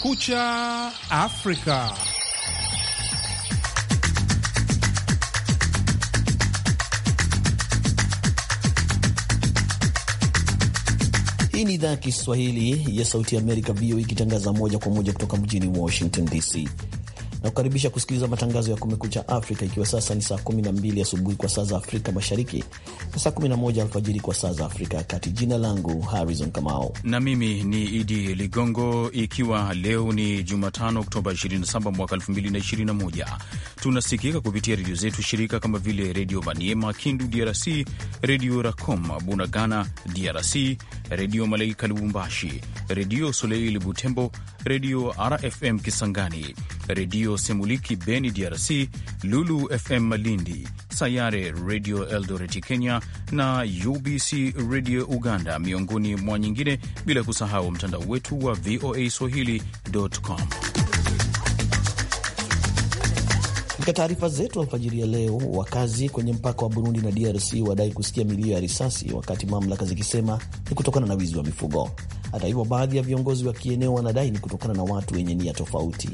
Kumekucha Afrika. Hii ni idhaa ya Kiswahili ya Sauti ya Amerika, VOA, ikitangaza moja kwa moja kutoka mjini Washington DC na kukaribisha kusikiliza matangazo ya Kumekucha Afrika, ikiwa sasa ni saa 12 asubuhi kwa saa za Afrika Mashariki mpaka saa 11 alfajiri kwa saa za Afrika Kati. Jina langu Harrison Kamao na mimi ni Idi Ligongo, ikiwa leo ni Jumatano Oktoba 27 mwaka 2021, tunasikika kupitia redio zetu shirika kama vile Redio Maniema Kindu DRC, Redio Racom Bunagana DRC, Redio Malaika Lubumbashi, Redio Soleil Butembo, Redio RFM Kisangani, Redio Semuliki Beni DRC, Lulu FM Malindi, Sayare Redio Eldoreti Kenya, na UBC Radio Uganda, miongoni mwa nyingine, bila kusahau mtandao wetu wa VOA Swahili.com. Katika taarifa zetu alfajiri ya leo, wakazi kwenye mpaka wa Burundi na DRC wadai kusikia milio ya risasi, wakati mamlaka zikisema ni kutokana na wizi wa mifugo. Hata hivyo, baadhi ya viongozi wa kieneo wanadai ni kutokana na watu wenye nia tofauti.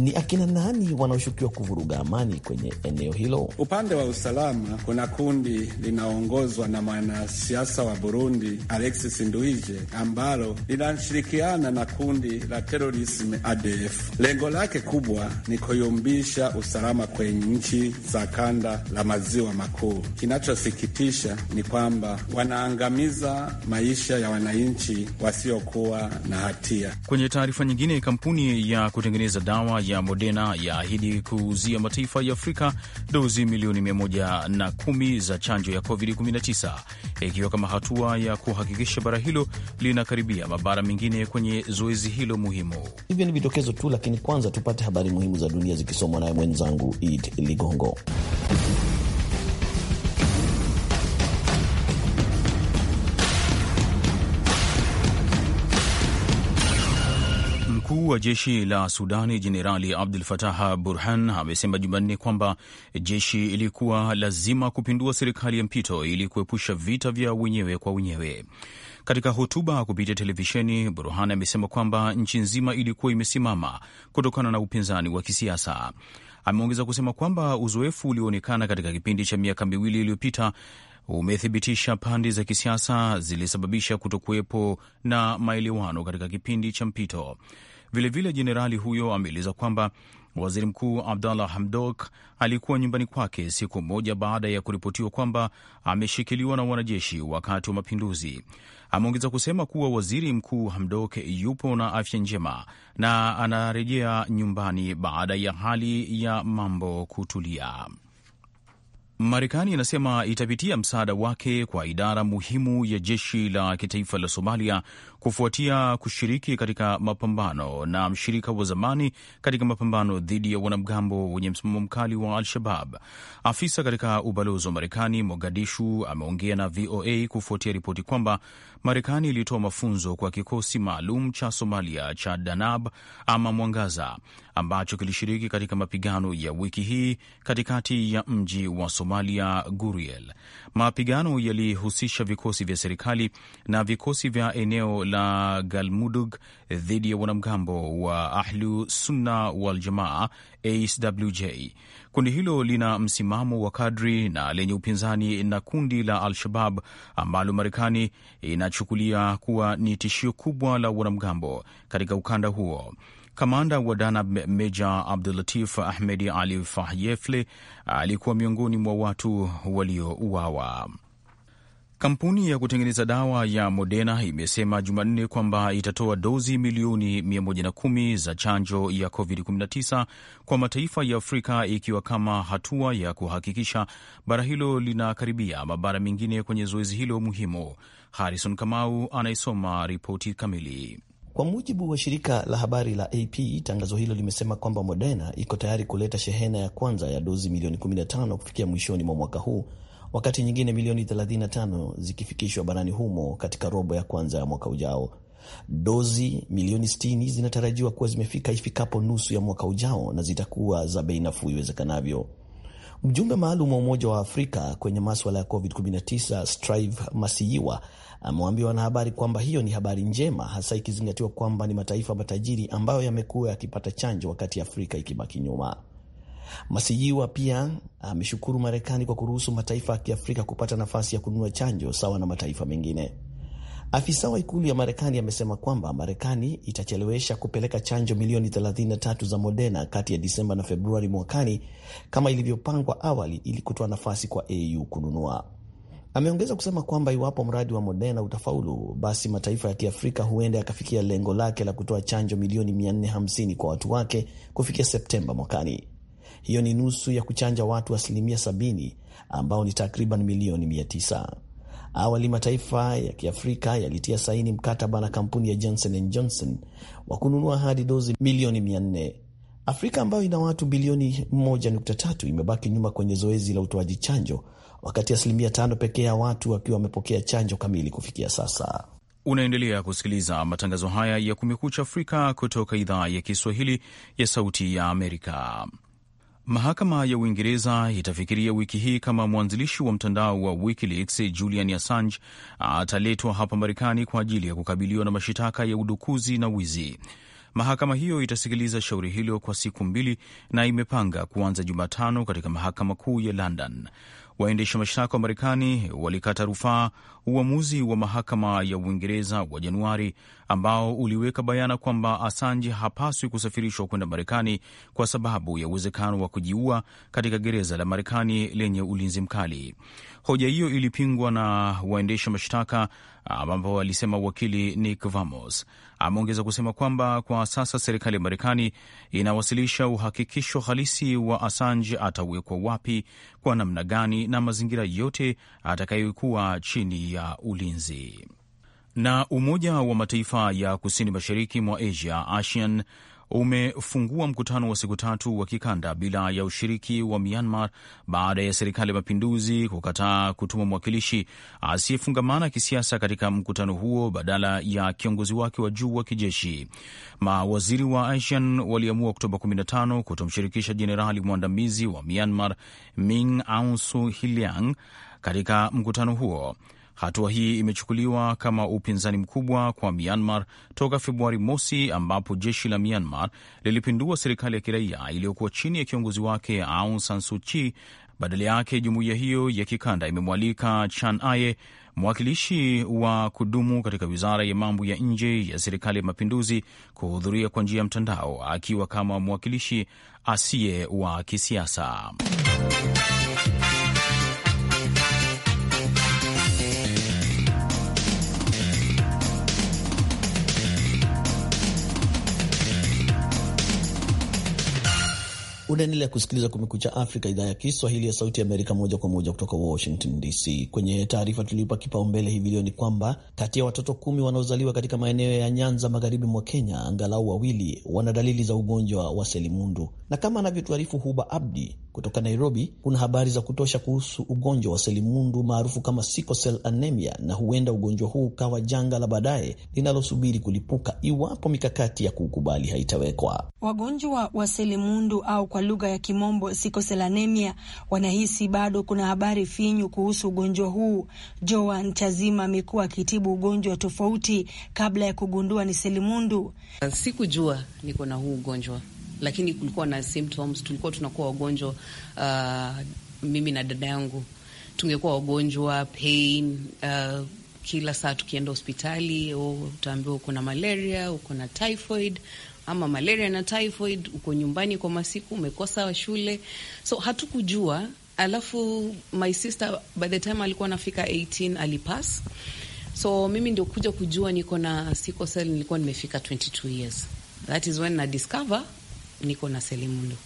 Ni akina nani wanaoshukiwa kuvuruga amani kwenye eneo hilo? Upande wa usalama, kuna kundi linaongozwa na mwanasiasa wa Burundi Alexis Nduije ambalo linashirikiana na kundi la terorism ADF. Lengo lake kubwa ni kuyumbisha usalama kwenye nchi za kanda la maziwa makuu. Kinachosikitisha ni kwamba wanaangamiza maisha ya wananchi wasiokuwa na hatia. Kwenye taarifa nyingine, kampuni ya kutengeneza dawa ya Moderna yaahidi kuuzia mataifa ya Afrika dozi milioni 110 za chanjo ya COVID-19 ikiwa kama hatua ya kuhakikisha bara hilo linakaribia mabara mengine kwenye zoezi hilo muhimu. Hivyo ni vidokezo tu, lakini kwanza tupate habari muhimu za dunia zikisomwa naye mwenzangu Id Ligongo. wa jeshi la Sudani Jenerali Abdul Fatah Burhan amesema Jumanne kwamba jeshi ilikuwa lazima kupindua serikali ya mpito ili kuepusha vita vya wenyewe kwa wenyewe. Katika hotuba kupitia televisheni, Burhan amesema kwamba nchi nzima ilikuwa imesimama kutokana na upinzani wa kisiasa. Ameongeza kusema kwamba uzoefu ulioonekana katika kipindi cha miaka miwili iliyopita umethibitisha pande za kisiasa zilisababisha kutokuwepo na maelewano katika kipindi cha mpito. Vilevile jenerali huyo ameeleza kwamba waziri mkuu Abdallah Hamdok alikuwa nyumbani kwake siku moja baada ya kuripotiwa kwamba ameshikiliwa na wanajeshi wakati wa mapinduzi. Ameongeza kusema kuwa waziri mkuu Hamdok yupo na afya njema na anarejea nyumbani baada ya hali ya mambo kutulia. Marekani inasema itapitia msaada wake kwa idara muhimu ya jeshi la kitaifa la Somalia kufuatia kushiriki katika mapambano na mshirika wa zamani katika mapambano dhidi ya wanamgambo wenye msimamo mkali wa Al-Shabab. Afisa katika ubalozi wa Marekani Mogadishu ameongea na VOA kufuatia ripoti kwamba Marekani ilitoa mafunzo kwa kikosi maalum cha Somalia cha Danab ama Mwangaza ambacho kilishiriki katika mapigano ya wiki hii katikati ya mji wa Somalia Guriel. Mapigano yalihusisha vikosi vya serikali na vikosi vya eneo la Galmudug dhidi ya wanamgambo wa Ahlu Sunna Waljamaa ASWJ. Kundi hilo lina msimamo wa kadri na lenye upinzani na kundi la Al-Shabab ambalo Marekani inachukulia kuwa ni tishio kubwa la wanamgambo katika ukanda huo. Kamanda wa Danab Meja Abdulatif Ahmedi Ali Fahyefle alikuwa miongoni mwa watu waliouawa. Kampuni ya kutengeneza dawa ya Moderna imesema Jumanne kwamba itatoa dozi milioni 110 za chanjo ya COVID-19 kwa mataifa ya Afrika ikiwa kama hatua ya kuhakikisha bara hilo linakaribia mabara mengine kwenye zoezi hilo muhimu. Harrison Kamau anaisoma ripoti kamili. Kwa mujibu wa shirika la habari la AP, tangazo hilo limesema kwamba Moderna iko tayari kuleta shehena ya kwanza ya dozi milioni 15 kufikia mwishoni mwa mwaka huu, wakati nyingine milioni 35 zikifikishwa barani humo katika robo ya kwanza ya mwaka ujao. Dozi milioni 60 zinatarajiwa kuwa zimefika ifikapo nusu ya mwaka ujao na zitakuwa za bei nafuu iwezekanavyo. Mjumbe maalum wa Umoja wa Afrika kwenye maswala ya COVID-19 Strive Masiyiwa amewaambia wanahabari kwamba hiyo ni habari njema, hasa ikizingatiwa kwamba ni mataifa matajiri ambayo yamekuwa yakipata chanjo wakati Afrika ikibaki nyuma. Masijiwa pia ameshukuru Marekani kwa kuruhusu mataifa ya Kiafrika kupata nafasi ya kununua chanjo sawa na mataifa mengine. Afisa wa ikulu ya Marekani amesema kwamba Marekani itachelewesha kupeleka chanjo milioni 33 za Moderna kati ya Disemba na Februari mwakani kama ilivyopangwa awali, ili kutoa nafasi kwa AU kununua. Ameongeza kusema kwamba iwapo mradi wa Moderna utafaulu, basi mataifa ya Kiafrika huenda yakafikia lengo lake la kutoa chanjo milioni 450 kwa watu wake kufikia Septemba mwakani. Hiyo ni nusu ya kuchanja watu asilimia 70 ambao ni takriban milioni 900. Awali mataifa ya Kiafrika yalitia saini mkataba na kampuni ya Johnson and Johnson wa kununua hadi dozi milioni 400. Afrika ambayo ina watu bilioni 1.3 imebaki nyuma kwenye zoezi la utoaji chanjo, wakati asilimia tano pekee ya watu wakiwa wamepokea chanjo kamili kufikia sasa. Unaendelea kusikiliza matangazo haya ya Kumekucha Afrika kutoka idhaa ya Kiswahili ya Sauti ya Amerika. Mahakama ya Uingereza itafikiria wiki hii kama mwanzilishi wa mtandao wa WikiLeaks Julian Assange ataletwa hapa Marekani kwa ajili ya kukabiliwa na mashitaka ya udukuzi na wizi. Mahakama hiyo itasikiliza shauri hilo kwa siku mbili na imepanga kuanza Jumatano katika mahakama kuu ya London. Waendesha mashtaka wa Marekani walikata rufaa uamuzi wa mahakama ya Uingereza wa Januari ambao uliweka bayana kwamba Assange hapaswi kusafirishwa kwenda Marekani kwa sababu ya uwezekano wa kujiua katika gereza la Marekani lenye ulinzi mkali. Hoja hiyo ilipingwa na waendesha mashtaka ambapo alisema wakili Nick Vamos. Ameongeza kusema kwamba kwa sasa serikali ya Marekani inawasilisha uhakikisho halisi wa Assange atawekwa wapi, kwa namna gani na mazingira yote atakayokuwa chini ya ulinzi. Na Umoja wa Mataifa ya kusini mashariki mwa Asia ASEAN umefungua mkutano wa siku tatu wa kikanda bila ya ushiriki wa Myanmar baada ya serikali ya mapinduzi kukataa kutuma mwakilishi asiyefungamana kisiasa katika mkutano huo badala ya kiongozi wake wa juu wa kijeshi. Mawaziri wa ASEAN waliamua Oktoba 15 kutomshirikisha jenerali mwandamizi wa Myanmar Min Aung hiliang katika mkutano huo. Hatua hii imechukuliwa kama upinzani mkubwa kwa Myanmar toka Februari mosi, ambapo jeshi la Myanmar lilipindua serikali ya kiraia iliyokuwa chini ya kiongozi wake Aung San Suu Kyi. Badala yake jumuiya hiyo ya kikanda imemwalika Chan Aye, mwakilishi wa kudumu katika wizara ya mambo ya nje ya serikali ya mapinduzi, kuhudhuria kwa njia ya mtandao akiwa kama mwakilishi asiye wa kisiasa. Unaendelea kusikiliza Kumekucha Afrika, idhaa ya Kiswahili ya Sauti ya Amerika, moja kwa moja kutoka Washington DC. Kwenye taarifa tuliyoipa kipaumbele hivi leo ni kwamba kati ya watoto kumi wanaozaliwa katika maeneo ya Nyanza, magharibi mwa Kenya, angalau wawili wana dalili za ugonjwa wa selimundu. Na kama anavyotuarifu Huba Abdi kutoka Nairobi, kuna habari za kutosha kuhusu ugonjwa wa selimundu maarufu kama sickle cell anemia, na huenda ugonjwa huu ukawa janga la baadaye linalosubiri kulipuka iwapo mikakati ya kuukubali haitawekwa. Wagonjwa wa selimundu au kwa lugha ya Kimombo sickle cell anemia wanahisi bado kuna habari finyu kuhusu ugonjwa huu. Joan Chazima amekuwa akitibu ugonjwa tofauti kabla ya kugundua ni selimundu. Sikujua niko na huu ugonjwa lakini kulikuwa na symptoms, tulikuwa tunakuwa wagonjwa uh, mimi na dada yangu tungekuwa wagonjwa pain uh, kila saa tukienda hospitali, utaambiwa uko na malaria, uko na typhoid ama malaria na typhoid, uko nyumbani kwa masiku, umekosa shule, so hatukujua. Alafu my sister by the time alikuwa anafika 18 alipass, so mimi ndio kuja kujua niko na sickle cell, nilikuwa nimefika 22 years, that is when na discover niko na Selimundu.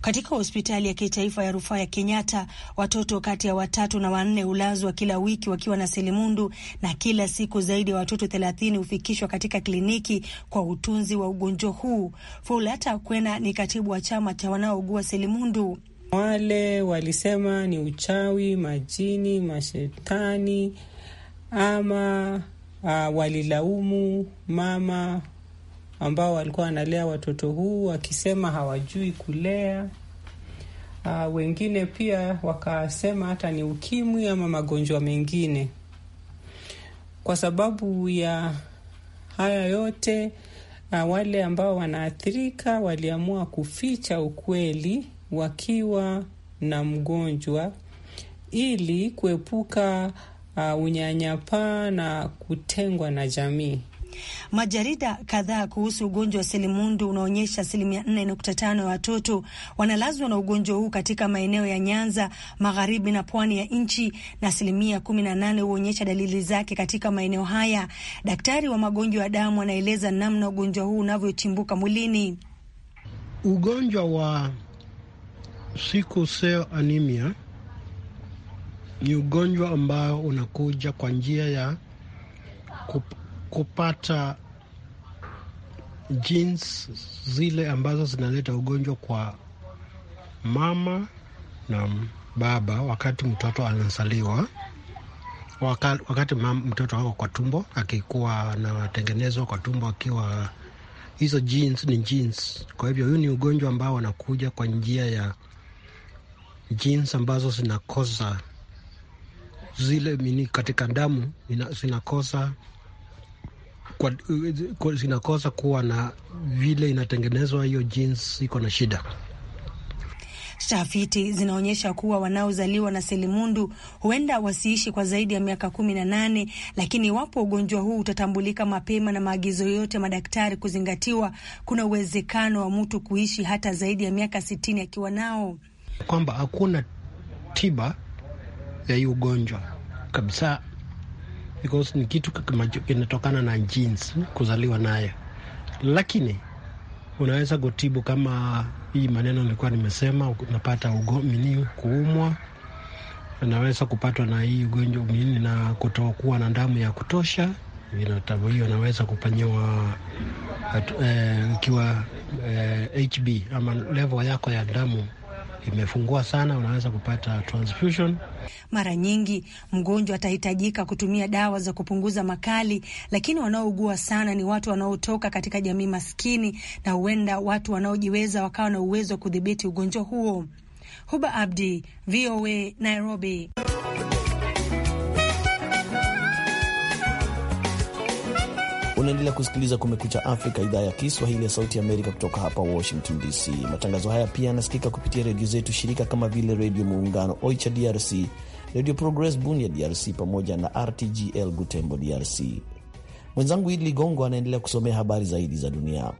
Katika hospitali ya kitaifa ya rufaa ya Kenyatta, watoto kati ya watatu na wanne hulazwa kila wiki wakiwa na selimundu, na kila siku zaidi ya watoto thelathini hufikishwa katika kliniki kwa utunzi wa ugonjwa huu. Fulata Kwena ni katibu wa chama cha wanaougua selimundu. Wale walisema ni uchawi, majini, mashetani ama uh, walilaumu mama ambao walikuwa wanalea watoto huu wakisema hawajui kulea. Uh, wengine pia wakasema hata ni ukimwi ama magonjwa mengine. Kwa sababu ya haya yote uh, wale ambao wanaathirika waliamua kuficha ukweli wakiwa na mgonjwa ili kuepuka uh, unyanyapaa na kutengwa na jamii. Majarida kadhaa kuhusu ugonjwa wa selimundu unaonyesha asilimia 4.5 ya watoto wanalazwa na ugonjwa huu katika maeneo ya Nyanza, magharibi na pwani ya nchi, na asilimia 18 huonyesha dalili zake katika maeneo haya. Daktari wa magonjwa ya damu anaeleza namna ugonjwa huu unavyochimbuka mwilini. Ugonjwa wa sickle anemia ni ugonjwa ambao unakuja kwa njia ya kupata genes zile ambazo zinaleta ugonjwa kwa mama na baba wakati mtoto anazaliwa, wakati, mama, mtoto wako kwa tumbo akikuwa anatengenezwa kwa tumbo akiwa hizo genes ni genes. Kwa hivyo huyu ni ugonjwa ambao wanakuja kwa njia ya genes ambazo zinakosa zile mini katika damu zinakosa kwa, kwa, zinakosa kuwa na vile inatengenezwa hiyo jeans iko na shida. Tafiti zinaonyesha kuwa wanaozaliwa na selimundu huenda wasiishi kwa zaidi ya miaka kumi na nane, lakini iwapo ugonjwa huu utatambulika mapema na maagizo yote madaktari kuzingatiwa, kuna uwezekano wa mtu kuishi hata zaidi ya miaka sitini akiwa nao, kwamba hakuna tiba ya hii ugonjwa kabisa because ni kitu kinatokana na genes kuzaliwa nayo, lakini unaweza kutibu kama hii maneno nilikuwa nimesema, unapata ugomini kuumwa, unaweza kupatwa na hii ugonjwa minini na kutokuwa na damu ya kutosha tabu hiyo naweza kupanyiwa eh, ikiwa eh, eh, HB ama level yako ya damu imefungua sana, unaweza kupata transfusion. Mara nyingi mgonjwa atahitajika kutumia dawa za kupunguza makali, lakini wanaougua sana ni watu wanaotoka katika jamii maskini na huenda watu wanaojiweza wakawa na uwezo wa kudhibiti ugonjwa huo. Huba Abdi, VOA, Nairobi. Unaendelea kusikiliza Kumekucha Afrika, idhaa ya Kiswahili ya Sauti Amerika kutoka hapa Washington DC. Matangazo haya pia yanasikika kupitia redio zetu shirika kama vile Redio Muungano Oicha DRC, Redio Progress Bunia DRC, pamoja na RTGL Butembo DRC. Mwenzangu Idi Ligongo anaendelea kusomea habari zaidi za dunia.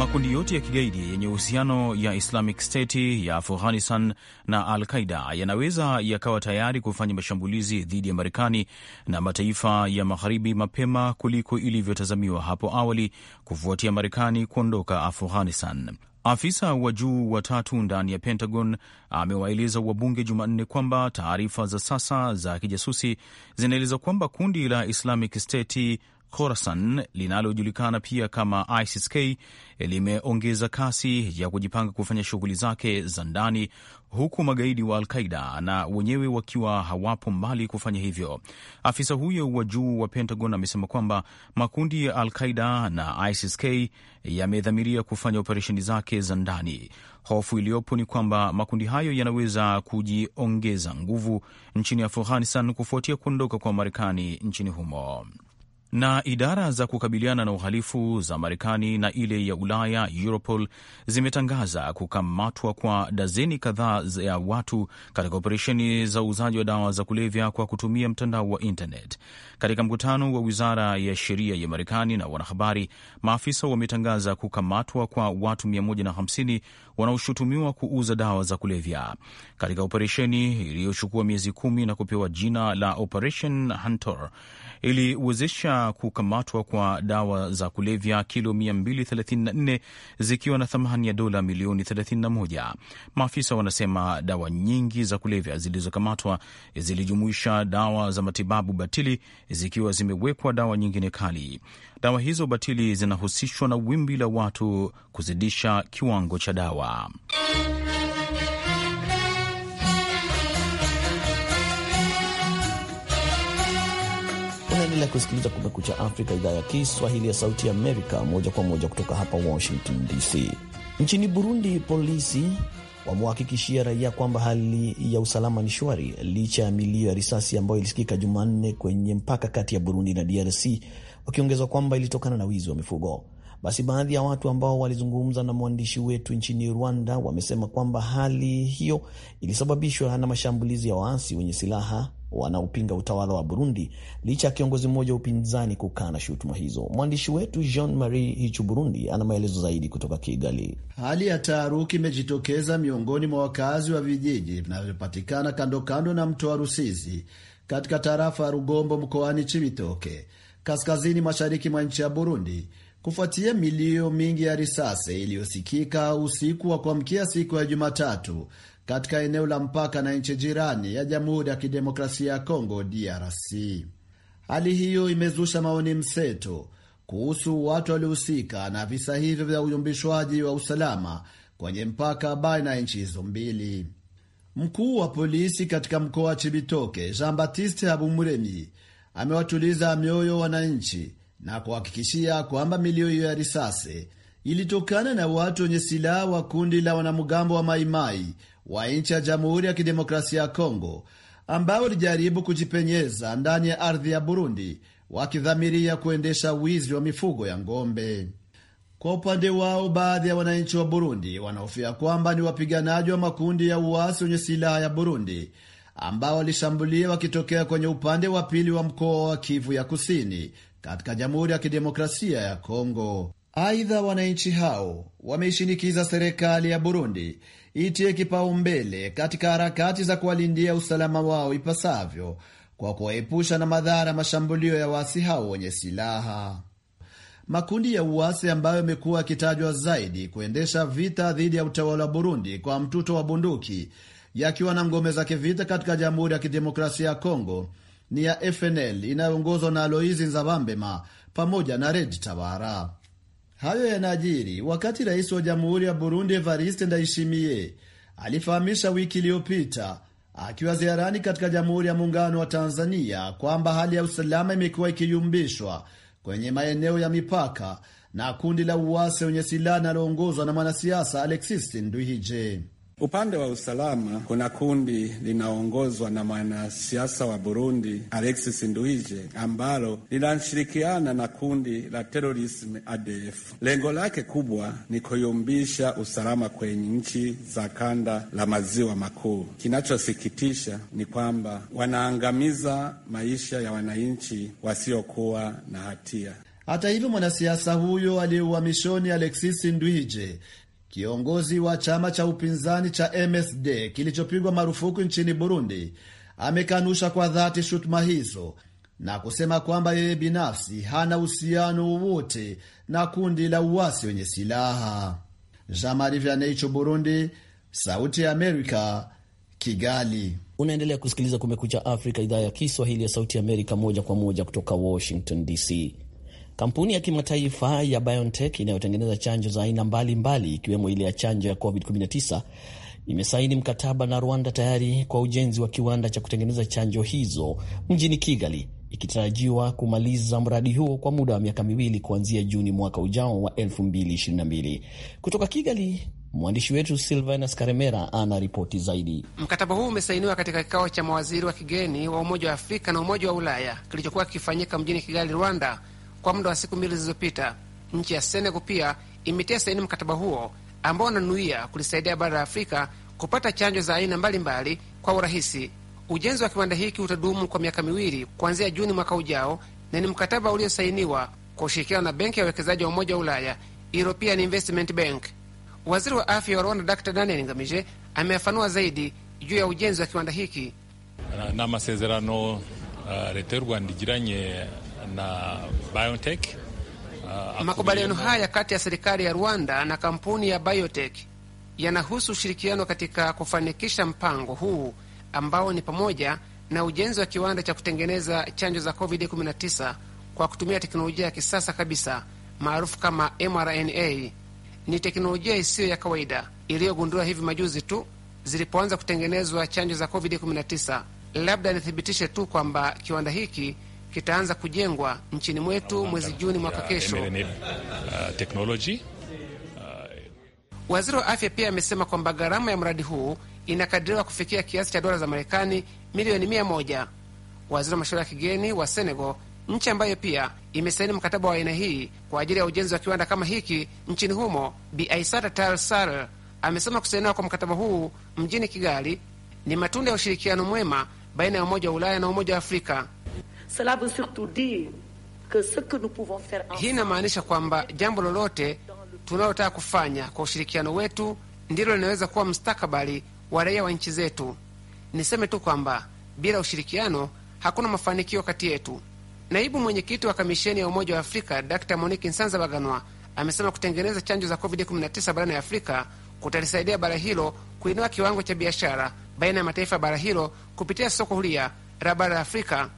Makundi yote ya kigaidi yenye uhusiano ya Islamic State ya Afghanistan na Al Qaida yanaweza yakawa tayari kufanya mashambulizi dhidi ya Marekani na mataifa ya Magharibi mapema kuliko ilivyotazamiwa hapo awali kufuatia Marekani kuondoka Afghanistan. Afisa wa juu watatu ndani ya Pentagon amewaeleza wabunge Jumanne kwamba taarifa za sasa za kijasusi zinaeleza kwamba kundi la Islamic State Khorasan linalojulikana pia kama ISIS-K limeongeza kasi ya kujipanga kufanya shughuli zake za ndani, huku magaidi wa Al-Qaida na wenyewe wakiwa hawapo mbali kufanya hivyo. Afisa huyo wa juu wa Pentagon amesema kwamba makundi ya Al-Qaida na ISIS-K yamedhamiria kufanya operesheni zake za ndani. Hofu iliyopo ni kwamba makundi hayo yanaweza kujiongeza nguvu nchini Afghanistan kufuatia kuondoka kwa Marekani nchini humo na idara za kukabiliana na uhalifu za Marekani na ile ya Ulaya, Europol, zimetangaza kukamatwa kwa dazeni kadhaa ya watu katika operesheni za uuzaji wa dawa za kulevya kwa kutumia mtandao wa internet. Katika mkutano wa wizara ya sheria ya Marekani na wanahabari, maafisa wametangaza kukamatwa kwa watu 150 wanaoshutumiwa kuuza dawa za kulevya katika operesheni iliyochukua miezi kumi na kupewa jina la Operation Hunter iliwezesha kukamatwa kwa dawa za kulevya kilo 234 zikiwa na thamani ya dola milioni 31. Maafisa wanasema dawa nyingi za kulevya zilizokamatwa zilijumuisha dawa za matibabu batili, zikiwa zimewekwa dawa nyingine kali. Dawa hizo batili zinahusishwa na wimbi la watu kuzidisha kiwango cha dawa. Unaendelea kusikiliza Kumekucha Afrika, idhaa ya Kiswahili ya Sauti ya Amerika, moja kwa moja kutoka hapa Washington DC. Nchini Burundi, polisi wamewahakikishia raia kwamba hali ya usalama ni shwari licha ya milio ya risasi ambayo ilisikika Jumanne kwenye mpaka kati ya Burundi na DRC, wakiongezwa kwamba ilitokana na wizi wa mifugo. Basi baadhi ya watu ambao walizungumza na mwandishi wetu nchini Rwanda wamesema kwamba hali hiyo ilisababishwa na mashambulizi ya waasi wenye silaha wanaopinga utawala wa Burundi licha ya kiongozi mmoja wa upinzani na shutuma hizo. Mwandishi wetu Jean Marie Hichu Burundi ana maelezo zaidi kutoka Kigali. Hali ya taharuki imejitokeza miongoni mwa wakazi wa vijiji vinavyopatikana kando kando na mto wa Rusizi katika tarafa ya Rugombo mkoani Chibitoke kaskazini mashariki mwa nchi ya Burundi kufuatia milio mingi ya risasi iliyosikika usiku wa kuamkia siku ya Jumatatu katika eneo la mpaka na nchi jirani ya Jamhuri ya Kidemokrasia ya Kongo, DRC. Hali hiyo imezusha maoni mseto kuhusu watu waliohusika na visa hivyo vya uyumbishwaji wa usalama kwenye mpaka baina ya nchi hizo mbili. Mkuu wa polisi katika mkoa wa Chibitoke, Jean Baptiste Habumuremyi, amewatuliza mioyo wananchi na kuhakikishia kwamba milio hiyo ya risasi ilitokana na watu wenye silaha wa kundi la wanamgambo wa Maimai wa nchi ya Jamhuri ya Kidemokrasia ya Kongo ambao walijaribu kujipenyeza ndani ya ardhi ya Burundi wakidhamiria kuendesha wizi wa mifugo ya ng'ombe. Kwa upande wao, baadhi ya wananchi wa Burundi wanahofia kwamba ni wapiganaji wa makundi ya uasi wenye silaha ya Burundi ambao walishambulia wakitokea kwenye upande wa pili wa mkoa wa Kivu ya Kusini katika Jamhuri ya Kidemokrasia ya Kongo. Aidha, wananchi hao wameishinikiza serikali ya Burundi itie kipaumbele katika harakati za kuwalindia usalama wao ipasavyo kwa kuwaepusha na madhara mashambulio ya waasi hao wenye silaha. Makundi ya uasi ambayo yamekuwa yakitajwa zaidi kuendesha vita dhidi ya utawala wa Burundi kwa mtuto wa bunduki yakiwa na ngome zake vita katika Jamhuri ya Kidemokrasia ya Kongo ni ya FNL inayoongozwa na Aloizi Nzabambema pamoja na Red Tabara. Hayo yanajiri wakati rais wa jamhuri ya Burundi Evariste Ndayishimiye alifahamisha wiki iliyopita akiwa ziarani katika Jamhuri ya Muungano wa Tanzania kwamba hali ya usalama imekuwa ikiyumbishwa kwenye maeneo ya mipaka na kundi la uasi wenye silaha linaloongozwa na mwanasiasa Alexis Nduhije. Upande wa usalama kuna kundi linaongozwa na mwanasiasa wa Burundi Alexis Nduije ambalo linashirikiana na kundi la terorism ADF. Lengo lake kubwa ni kuyumbisha usalama kwenye nchi za kanda la maziwa makuu. Kinachosikitisha ni kwamba wanaangamiza maisha ya wananchi wasiokuwa na hatia. Hata hivyo, mwanasiasa huyo aliyeuhamishoni Alexis Ndwije Kiongozi wa chama cha upinzani cha MSD kilichopigwa marufuku nchini Burundi amekanusha kwa dhati shutuma hizo na kusema kwamba yeye binafsi hana uhusiano wowote na kundi la uasi wenye silaha. Burundi, Sauti ya Amerika, Kigali. Unaendelea kusikiliza Kumekucha Afrika, idhaa ya Kiswahili ya Sauti ya Amerika, moja kwa moja kutoka Washington DC. Kampuni ya kimataifa ya BioNTech inayotengeneza chanjo za aina mbalimbali ikiwemo ile ya chanjo ya COVID-19 imesaini mkataba na Rwanda tayari kwa ujenzi wa kiwanda cha kutengeneza chanjo hizo mjini Kigali, ikitarajiwa kumaliza mradi huo kwa muda wa miaka miwili kuanzia Juni mwaka ujao wa 2022. Kutoka Kigali, mwandishi wetu Silvanus Karemera ana ripoti zaidi. Mkataba huu umesainiwa katika kikao cha mawaziri wa kigeni wa Umoja wa Afrika na Umoja wa Ulaya kilichokuwa kikifanyika mjini Kigali, Rwanda kwa muda wa siku mbili zilizopita, nchi ya Senegal pia imetia saini mkataba huo ambao wananuia kulisaidia bara la Afrika kupata chanjo za aina mbalimbali mbali kwa urahisi. Ujenzi wa kiwanda hiki utadumu kwa miaka miwili kuanzia Juni mwaka ujao, na ni mkataba uliosainiwa kwa ushirikiano na Benki ya Uwekezaji wa Umoja wa Ulaya, European Investment Bank. Waziri wa afya wa Rwanda Dr Daniel Ngamije ameafanua zaidi juu ya ujenzi wa kiwanda hiki. na masezerano uh, leta y'u Rwanda igiranye na BioNTech. Uh, makubaliano haya kati ya serikali ya Rwanda na kampuni ya BioNTech yanahusu ushirikiano katika kufanikisha mpango huu ambao ni pamoja na ujenzi wa kiwanda cha kutengeneza chanjo za COVID-19 kwa kutumia teknolojia ya kisasa kabisa maarufu kama mRNA. Ni teknolojia isiyo ya kawaida iliyogundua hivi majuzi tu zilipoanza kutengenezwa chanjo za COVID-19. Labda nithibitishe tu kwamba kiwanda hiki kitaanza kujengwa nchini mwetu mwezi Juni mwaka kesho. Uh, uh, Waziri wa afya pia amesema kwamba gharama ya mradi huu inakadiriwa kufikia kiasi cha dola za Marekani milioni mia moja. Waziri wa mashauri ya kigeni wa Senegal, nchi ambayo pia imesaini mkataba wa aina hii kwa ajili ya ujenzi wa kiwanda kama hiki nchini humo, Bi Aissata Tall Sall amesema kusainiwa kwa mkataba huu mjini Kigali ni matunda ya ushirikiano mwema baina ya Umoja wa Ulaya na Umoja wa Afrika. Hii inamaanisha kwamba jambo lolote tunalotaka kufanya kwa ushirikiano wetu ndilo linaweza kuwa mstakabali wa raia wa nchi zetu. Niseme tu kwamba bila ushirikiano hakuna mafanikio kati yetu. Naibu mwenyekiti wa kamisheni ya Umoja wa Afrika Dr Monique Nsanzabaganwa amesema kutengeneza chanjo za COVID-19 barani Afrika kutalisaidia bara hilo kuinua kiwango cha biashara baina ya mataifa ya bara hilo kupitia soko huria la bara la Afrika.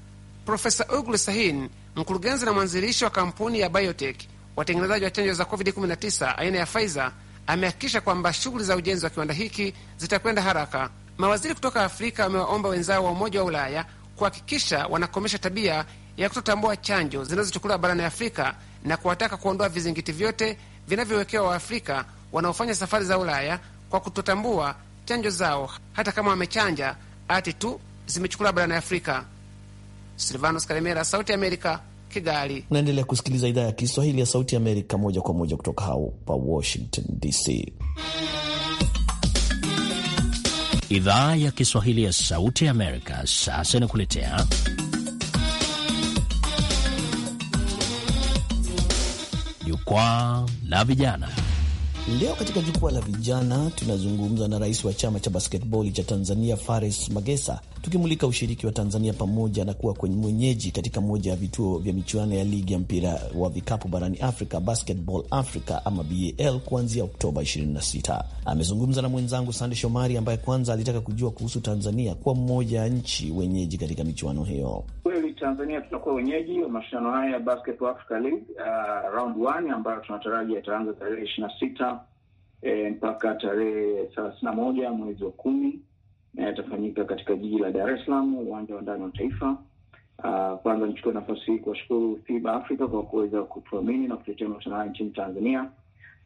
Profesa Ugur Sahin, mkurugenzi na mwanzilishi wa kampuni ya Biotech, watengenezaji wa chanjo za COVID-19 aina ya Pfizer, amehakikisha kwamba shughuli za ujenzi wa kiwanda hiki zitakwenda haraka. Mawaziri kutoka Afrika wamewaomba wenzao wa Umoja wa Ulaya kuhakikisha wanakomesha tabia ya kutotambua chanjo zinazochukuliwa barani Afrika na kuwataka kuondoa vizingiti vyote vinavyowekewa Waafrika wanaofanya safari za Ulaya kwa kutotambua chanjo zao, hata kama wamechanja ati tu zimechukuliwa barani Afrika. Silvanos Karemera, Sauti Amerika, Kigali. Unaendelea kusikiliza idhaa ya Kiswahili ya Sauti Amerika moja kwa moja kutoka hapa Washington DC. Idhaa ya Kiswahili ya Sauti Amerika sasa inakuletea jukwaa la vijana. Leo katika jukwaa la vijana tunazungumza na rais wa chama cha basketball cha Tanzania Fares Magesa, tukimulika ushiriki wa Tanzania pamoja na kuwa kwenye mwenyeji katika moja ya vituo vya michuano ya ligi ya mpira wa vikapu barani Africa, Basketball Africa ama BAL, kuanzia Oktoba 26. Amezungumza na mwenzangu Sande Shomari ambaye kwanza alitaka kujua kuhusu Tanzania kuwa mmoja ya nchi wenyeji katika michuano hiyo. Tanzania tutakuwa wenyeji wa mashindano haya ya Basketball Africa League uh, round one ambayo tunataraji yataanza tarehe ishirini na sita e, mpaka tarehe thelathini na moja mwezi wa kumi na yatafanyika katika jiji la Dar es Salaam, uwanja wa ndani wa Taifa. Uh, kwanza nichukue nafasi hii kuwashukuru FIBA Africa kwa kuweza kutuamini na kutetea mashindano haya nchini Tanzania,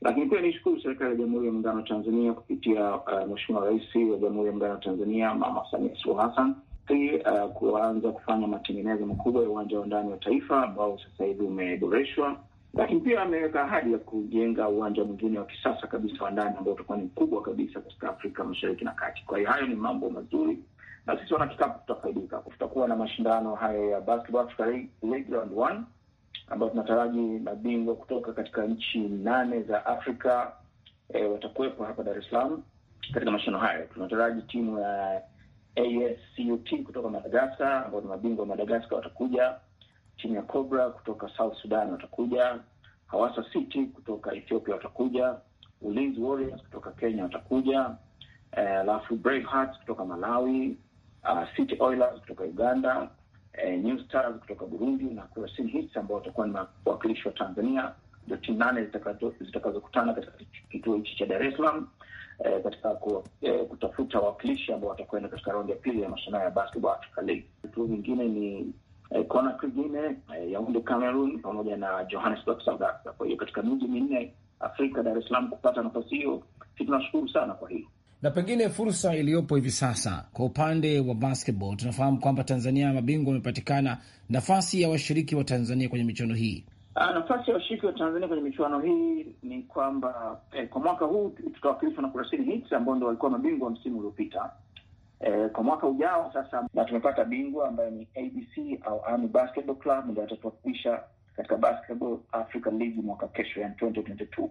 lakini pia nishukuru serikali ya Jamhuri ya Muungano wa Tanzania kupitia uh, Mheshimiwa Rais wa Jamhuri ya Muungano wa Tanzania Mama Samia Suluhu Hassan uh, kuanza kufanya matengenezo makubwa ya uwanja wa ndani wa taifa ambao sasa hivi umeboreshwa, lakini pia ameweka ahadi ya kujenga uwanja mwingine wa kisasa kabisa wa ndani ambao utakuwa ni mkubwa kabisa katika Afrika Mashariki na Kati. Kwa hiyo hayo ni mambo mazuri na sisi wana kikapu tutafaidika. Kutakuwa na mashindano hayo ya Basketball Africa League Round One ambayo tunataraji mabingwa kutoka katika nchi nane za Afrika e, watakuwepo hapa Dar es Salaam katika mashindano hayo. Tunataraji timu ya ASCUT kutoka Madagaskar ambao ni mabingwa wa Madagaskar watakuja. Timu ya Cobra kutoka South Sudan watakuja. Hawasa City kutoka Ethiopia watakuja. Ulinzi Warriors kutoka Kenya watakuja, eh, alafu uh, Bravehearts kutoka Malawi, uh, City Oilers kutoka Uganda, uh, New Stars kutoka Burundi na Kurasin Hits ambao watakuwa ni mawakilishi wa Tanzania. Ndio timu nane zitakazokutana katika kituo hichi cha Dar es Salaam. Eh, katika ku, eh, kutafuta wawakilishi ambao watakwenda katika raundi ya pili ya mashindano ya Basketball Africa League. Hatua nyingine ni eh, Conakry Guinea, eh, Yaounde Cameroon pamoja na Johannesburg South Africa. Kwa hiyo katika miji minne Afrika, Dar es Salaam kupata nafasi hiyo, si tunashukuru sana kwa hiyo na pengine fursa iliyopo hivi sasa kwa upande wa basketball, tunafahamu kwamba Tanzania mabingwa wamepatikana. Nafasi ya washiriki wa Tanzania kwenye michuano hii Ah, nafasi ya washiriki wa Tanzania kwenye michuano hii ni kwamba eh, kwa mwaka huu tutawakilishwa na Kurasini Hits ambao ndo walikuwa mabingwa msimu uliopita. Eh, kwa mwaka ujao sasa, na tumepata bingwa ambaye ni ABC au Army Basketball Club ndio watatuwakilisha katika Basketball Africa League mwaka kesho, yani 2022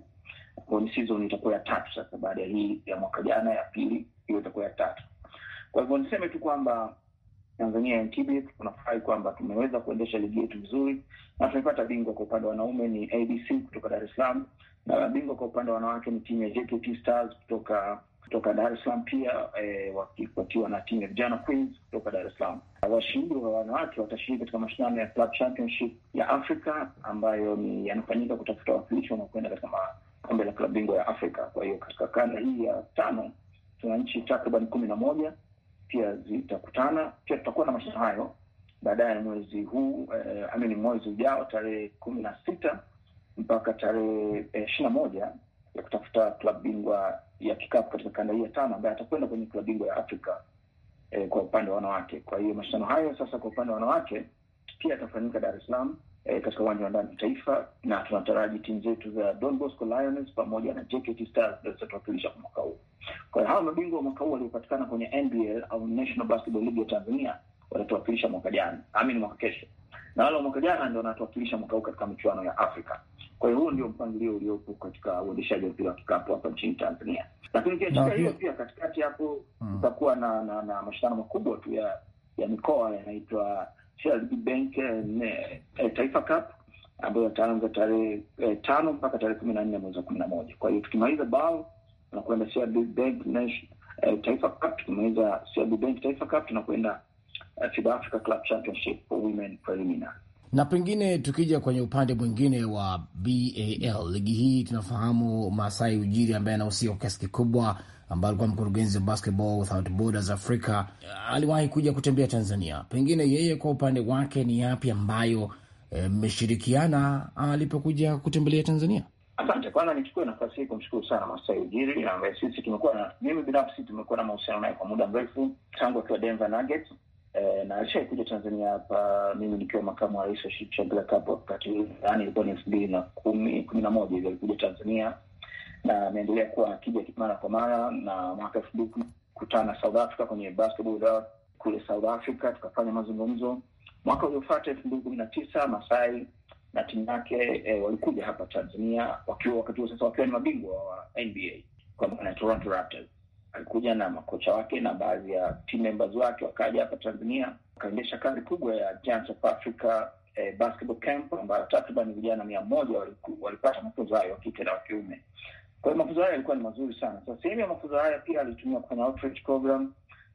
kwa ni season itakuwa ya tatu sasa, baada ya hii ya mwaka jana ya pili, hiyo itakuwa ya tatu. Kwa hivyo niseme tu kwamba Tanzania NTBs tunafurahi kwamba tumeweza kuendesha ligi yetu vizuri na tumepata bingwa. Kwa upande wa wanaume ni ABC kutoka Dar es Salaam na bingwa kwa upande wa wanawake ni timu ya JKT Stars kutoka kutoka Dar es Salaam pia e, eh, wakifuatiwa na timu ya vijana Queens kutoka Dar es Salaam. Washindi wa wanawake watashiriki katika mashindano ya Club Championship ya Afrika ambayo ni yanafanyika kutafuta wawakilishi wanaokwenda katika kombe la klabu bingwa ya Afrika. Kwa hiyo katika kanda hii ya tano tuna nchi takriban kumi na moja pia zitakutana. Pia tutakuwa na mashindano hayo baadaye ya mwezi huu eh, amini mwezi ujao tarehe kumi na sita mpaka tarehe eh, ishiri na moja ya kutafuta klabu bingwa ya kikapu katika kanda hii ya tano ambaye atakwenda kwenye klabu bingwa ya Afrika eh, kwa upande wa wanawake. Kwa hiyo mashindano hayo sasa kwa upande wa wanawake pia yatafanyika Dar es Salaam eh, katika uwanja wa ndani taifa, na tunataraji timu zetu za Don Bosco Lions pamoja na JKT Stars zitatuwakilisha kwa mwaka huu. Kwa hiyo hawa mabingwa wa mwaka huu waliopatikana kwenye NBL au National Basketball League ya Tanzania watatuwakilisha mwaka jana, amini mwaka kesho, na wale wa mwaka jana ndio wanatuwakilisha mwaka huu katika michuano ya Afrika. Kwa hiyo huo ndio mpangilio uliopo katika uendeshaji wa mpira wa kikapu hapa nchini Tanzania. Lakini kiachia hiyo pia, katikati hapo kutakuwa hmm. na, na, na mashindano makubwa tu ya ya mikoa yanaitwa CRDB Bank eh, eh, Taifa Cup ambayo ataanza tarehe eh, tano mpaka tarehe kumi na nne mwezi wa kumi na moja. Kwa hiyo tukimaliza bao tunakwenda CRDB Bank eh, Taifa Cup, tukimaliza CRDB Bank Taifa Cup tunakwenda eh, FIBA Africa Club Championship for Women Preliminary. Na pengine tukija kwenye upande mwingine wa BAL ligi hii, tunafahamu Masai Ujiri ambaye anahusika kwa kiasi kikubwa, ambaye alikuwa mkurugenzi wa Basketball Without Borders Africa, aliwahi kuja kutembea Tanzania. Pengine yeye kwa upande wake ni yapi ambayo eh, mmeshirikiana e, alipokuja kutembelea Tanzania? Asante. Kwanza nichukue nafasi hii kumshukuru sana Masai Ujiri ambaye sisi tumekuwa na, mimi binafsi tumekuwa na mahusiano naye kwa muda mrefu tangu akiwa Denver Nuggets Eh, na alishai Tanzania hapa, mimi nikiwa makamu wa rais wa shirikisho la Cup wakati huu, yaani ilikuwa ni elfu mbili na kumi kumi na moja hivi alikuja Tanzania na ameendelea kuwa akija mara kwa mara, na mwaka elfu mbili kutana South Africa kwenye basketball draft kule South Africa, tukafanya mazungumzo. Mwaka uliofuata elfu mbili kumi na tisa Masai na timu yake e, walikuja hapa Tanzania wakiwa wakati huo sasa wakiwa ni mabingwa wa NBA kwa maana Toronto Raptors alikuja na makocha wake na baadhi ya team members wake wakaja hapa Tanzania, wakaendesha kazi kubwa ya Giants of Africa eh, basketball camp ambayo takriban vijana mia moja walipata mafunzo hayo wa kike na wa kiume. Kwa hiyo mafunzo hayo yalikuwa ni mazuri sana. So sehemu ya mafunzo haya pia alitumia kufanya outreach program,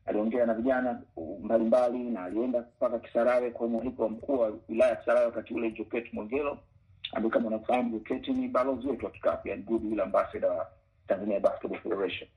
aliongea na vijana mbalimbali na alienda mpaka Kisarawe kwa mwaliko wa mkuu wa wilaya ya Kisarawe wakati ule Joket Mwegelo ambaye kama unafahamu Joketi ni balozi wetu wa kikapu, yani goodwill ambassador wa Tanzania Basketball Federation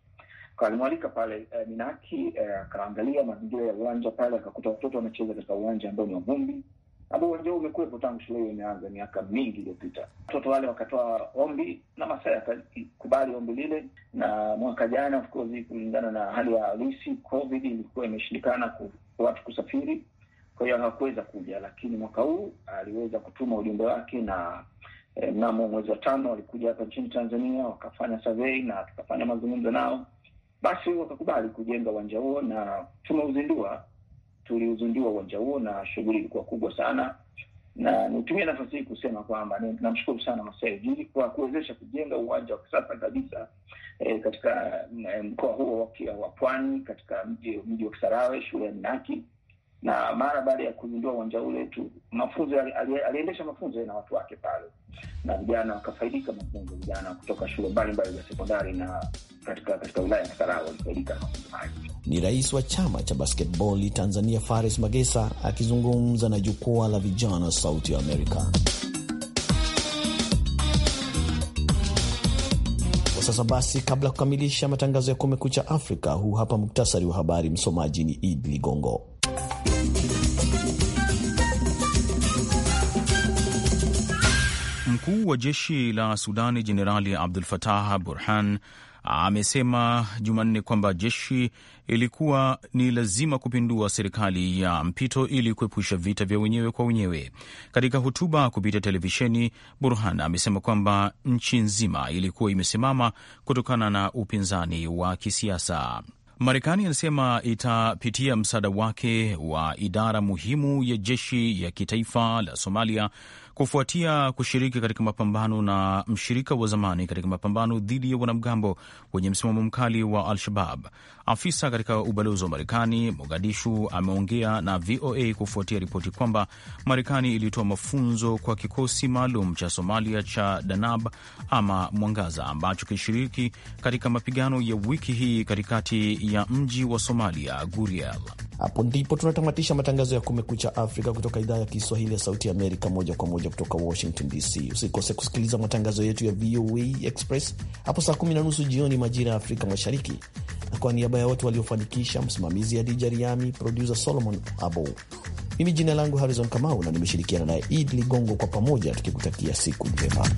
alimwalika pale eh, Minaki eh, akaangalia mazingira ya uwanja pale, akakuta watoto wanacheza katika uwanja ambao ni wavumbi, vumbi, ambao uwanja huu umekuwepo tangu shule hiyo imeanza miaka mingi iliyopita. Watoto wale wakatoa ombi na Masai akakubali ombi lile, na mwaka jana, of course, kulingana na hali ya halisi COVID ilikuwa imeshindikana watu kusafiri, kwa hiyo hawakuweza kuja, lakini mwaka huu aliweza kutuma ujumbe wake na eh, mnamo eh, mwezi wa tano walikuja hapa nchini Tanzania, wakafanya survey na tukafanya mazungumzo nao basi wakakubali kujenga uwanja huo na tumeuzindua, tuliuzindua uwanja huo na shughuli ilikuwa kubwa sana, na nitumie nafasi hii kusema kwamba namshukuru sana Masai kwa kuwezesha kujenga uwanja wa kisasa kabisa e, katika eh, mkoa huo wa Pwani, katika mji wa Kisarawe, shule ya Minaki na mara baada ya kuzindua uwanja ule tu mafunzo aliendesha mafunzo na watu wake pale, na vijana wakafaidika mafunzo, vijana kutoka shule mbalimbali za sekondari na katika katika wilaya ya Kisarawe walifaidika mafunzo hayo. Ni rais wa chama cha basketball Tanzania Fares Magesa akizungumza na jukwaa la vijana Sauti ya Amerika. Sasa basi, kabla ya kukamilisha matangazo ya Kumekucha Afrika, huu hapa muktasari wa habari. Msomaji ni Id Ligongo. Mkuu wa jeshi la Sudani Jenerali Abdul Fatah Burhan amesema Jumanne kwamba jeshi ilikuwa ni lazima kupindua serikali ya mpito ili kuepusha vita vya wenyewe kwa wenyewe. Katika hotuba kupitia televisheni, Burhan amesema kwamba nchi nzima ilikuwa imesimama kutokana na upinzani wa kisiasa. Marekani inasema itapitia msaada wake wa idara muhimu ya jeshi ya kitaifa la Somalia kufuatia kushiriki katika mapambano na mshirika wa zamani katika mapambano dhidi ya wanamgambo wenye msimamo mkali wa Al-Shabab. Afisa katika ubalozi wa Marekani Mogadishu ameongea na VOA kufuatia ripoti kwamba Marekani ilitoa mafunzo kwa kikosi maalum cha Somalia cha Danab ama Mwangaza ambacho kishiriki katika mapigano ya wiki hii katikati ya mji wa Somalia, Guriel. Hapo ndipo tunatamatisha matangazo ya Kumekucha Afrika kutoka idhaa ya Kiswahili ya Sauti Amerika, moja kwa moja kutoka Washington DC. Usikose kusikiliza matangazo yetu ya VOA Express hapo saa kumi na nusu jioni majira ya Afrika Mashariki. Na kwa niaba ya wote waliofanikisha, msimamizi Adija Riami, produsa Solomon Abo, mimi jina langu Harrison Kamau na nimeshirikiana naye Id Ligongo, kwa pamoja tukikutakia siku njema.